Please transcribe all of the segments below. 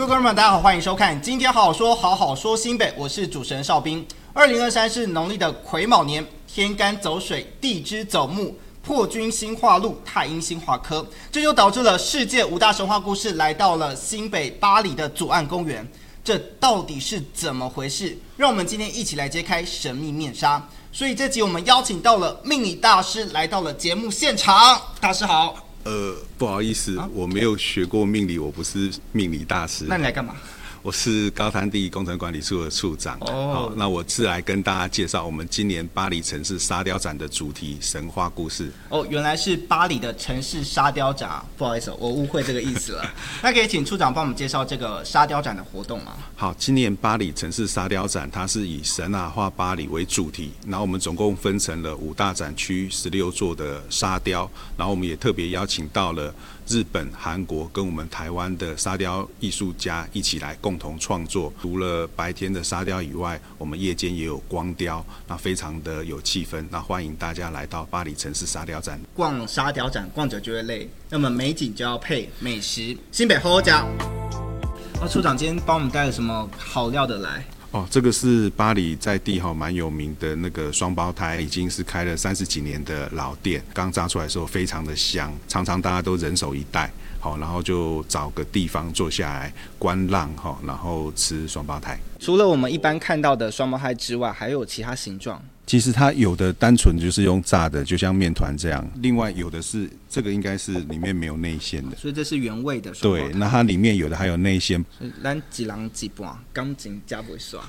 各位觀眾們，大家好，歡迎收看《今天好好說》，好好說新北，我是主持人邵兵。二零二三是農曆的癸卯年，天干走水，地支走木，破軍星化祿，太陰星化科，這就導致了世界五大神話故事來到了新北八里的左岸公園，這到底是怎麼回事？讓我們今天一起來揭開神秘面紗。所以這集我們邀請到了命理大師來到了節目現場，大師好。呃，不好意思，Okay. 我沒有學過命理，我不是命理大師。那你來幹嘛？我是高灘地工程管理處的處長，哦，那我是來跟大家介紹我們今年八里城市沙雕展的主題神話故事。哦，原來是八里的城市沙雕展啊，不好意思，我誤會這個意思了。 那可以請處長幫我們介紹這個沙雕展的活動嗎？好，今年八里城市沙雕展，它是以神話、畫八里為主題，然後我們總共分成了五大展區，十六座的沙雕，然後我們也特別邀請到了日本、韓國跟我們台灣的沙雕藝術家一起來共。共同創作，除了白天的沙雕以外，我們夜間也有光雕，那非常的有氣氛。那歡迎大家來到八里城市沙雕展。逛沙雕展逛着就會累，那麼美景就要配美食，新北厚厚呷。哦，那處長今天幫我們帶了什麼好料的來？哦，這個是八里在地哈，哦，蠻有名的那個雙胞胎，已經是開了三十幾年的老店。剛炸出來的時候非常的香，常常大家都人手一袋，好，哦，然後就找個地方坐下來觀浪哈，哦，然後吃雙胞胎。除了我們一般看到的雙胞胎之外，還有其他形狀。其實它有的單純就是用炸的，就像面糰這樣。另外有的是這個應該是裡面沒有內餡的、嗯，所以這是原味的。對，那它裡面有的還有內餡。咱一人一半，感情袂散，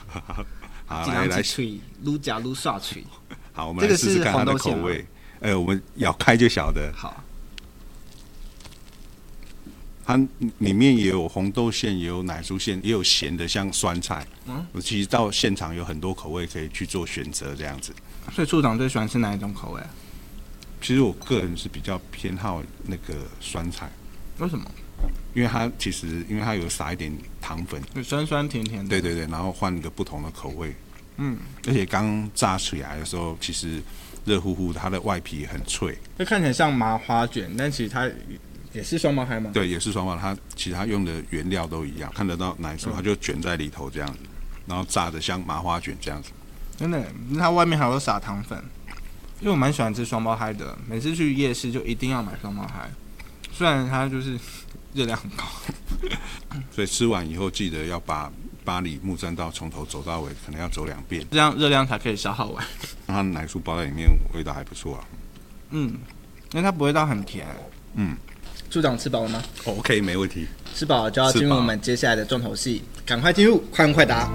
一人一喙，擼加擼耍去。好，我們來試試看它的口味。哎、呃，我們咬開就曉得。好。它裡面也有紅豆餡，也有奶酥餡，也有鹹的，像酸菜。嗯，我其實到現場有很多口味可以去做選擇，這樣子。所以處長最喜歡吃哪一種口味啊？其實我個人是比較偏好那個酸菜。為什麼？因為它其實因為它有撒一點糖粉，酸酸甜甜的。對對對，然後換一個不同的口味。嗯，而且剛炸出來的時候，其實熱乎乎的，它的外皮也很脆。它看起來像麻花卷，但其實它。也是雙胞胎嗎？對，也是雙胞胎。其他用的原料，都一樣，看得到奶酥，它就捲在裡頭這樣子，嗯、然後炸的像麻花捲這樣子。真的，它外面還有撒糖粉。因為我蠻喜歡吃雙胞胎的，每次去夜市就一定要買雙胞胎。雖然它就是熱量很高， 所以吃完以後記得要把八里木棧道從頭走到尾，可能要走兩遍，這樣熱量才可以消耗完。那奶酥包在裡面，味道還不錯。啊。嗯，因為它不會到很甜。嗯。處長吃飽了嗎？OK，沒問題。吃飽了就要進入我們接下來的重頭戲，趕快進入，快問快答。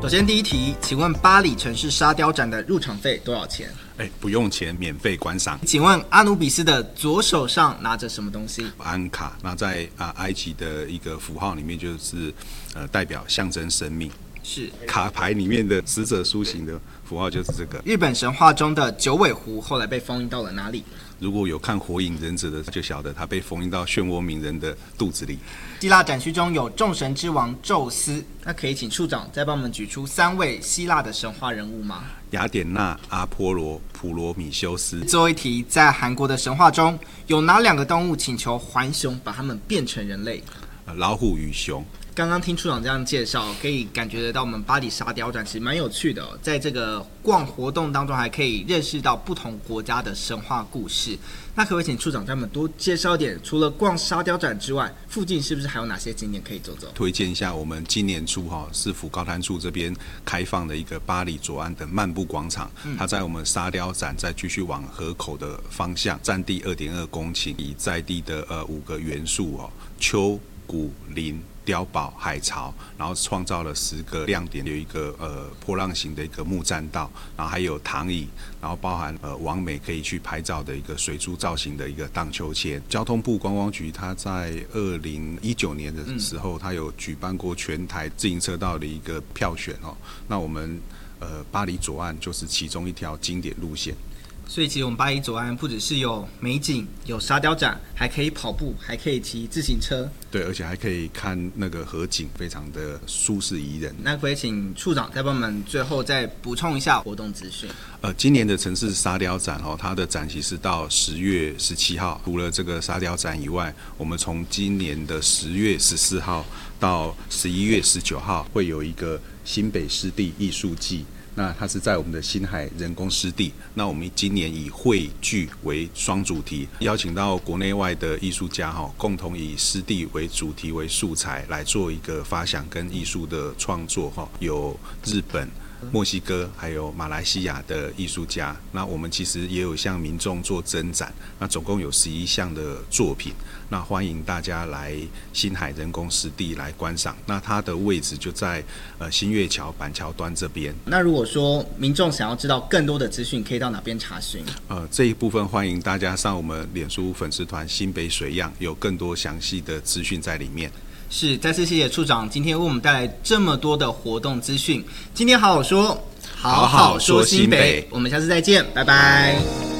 首先第一題，請問八裡城市沙雕展的入場費多少錢？欸，不用錢，免費觀賞。請問阿努比斯的左手上拿着什麼東西？安卡，那在啊、呃、埃及的一個符號裡面就是、呃、代表象徵生命。是卡牌裡面的死者甦醒的符號就是這個。日本神話中的九尾狐後來被封印到了哪裡？如果有看《火影忍者》的，就曉得它被封印到漩渦鳴人的肚子裡。希臘展區中有眾神之王宙斯，那可以請處長再幫我們舉出三位希臘的神話人物嗎？雅典娜、阿波羅、普羅米修斯。最後一題，在韓國的神話中有哪兩個動物請求桓雄把它們變成人類？老虎與熊。剛剛聽處長這樣介紹，可以感覺得到我們八里沙雕展其實蠻有趣的，哦，在這個逛活動當中還可以認識到不同國家的神話故事。那可不可以請處長專門多介紹一點？除了逛沙雕展之外，附近是不是還有哪些景點可以走走，推薦一下，我們今年初哈，哦，市府高灘處這邊開放的一個八里左岸的漫步廣場，嗯，它在我們沙雕展再繼續往河口的方向，佔地二點二公頃，以在地的呃五個元素哦，丘、古、林。碉堡、海潮，然後創造了十個亮點，有一個呃波浪型的一個木棧道，然後還有躺椅，然後包含呃網美可以去拍照的一個水珠造型的一個盪秋千。交通部觀光局它在二零一九年的時候，它有舉辦過全台自行車道的一個票選哦。那我們呃八里左岸就是其中一條經典路線。所以，其實我們八里左岸不只是有美景、有沙雕展，還可以跑步，還可以騎自行車。對，而且還可以看那個河景，非常的舒適宜人。那可以請處長再幫我們最後再補充一下活動資訊。呃，今年的城市沙雕展哦，它的展期是到十月十七號。除了這個沙雕展以外，我們從今年的十月十四號到十一月十九號，會有一個新北濕地藝術季。那它是在我們的新海人工濕地。那我們今年以匯聚為雙主題，邀請到國內外的藝術家哈，共同以濕地為主題為素材來做一個發想跟藝術的創作哈。有日本。墨西哥還有馬來西亞的藝術家，那我們其實也有向民眾做徵展，那總共有十一項的作品，那歡迎大家來新海人工濕地來觀賞，那它的位置就在呃新月橋板橋端這邊。那如果說民眾想要知道更多的資訊，可以到哪邊查詢？呃，這一部分歡迎大家上我們臉書粉絲團“新北水漾”，有更多詳細的資訊在裡面。是，再次謝謝處長今天為我們帶來這麼多的活動資訊。今天好好說，好好說新北，好好說新北。我們下次再見，拜拜。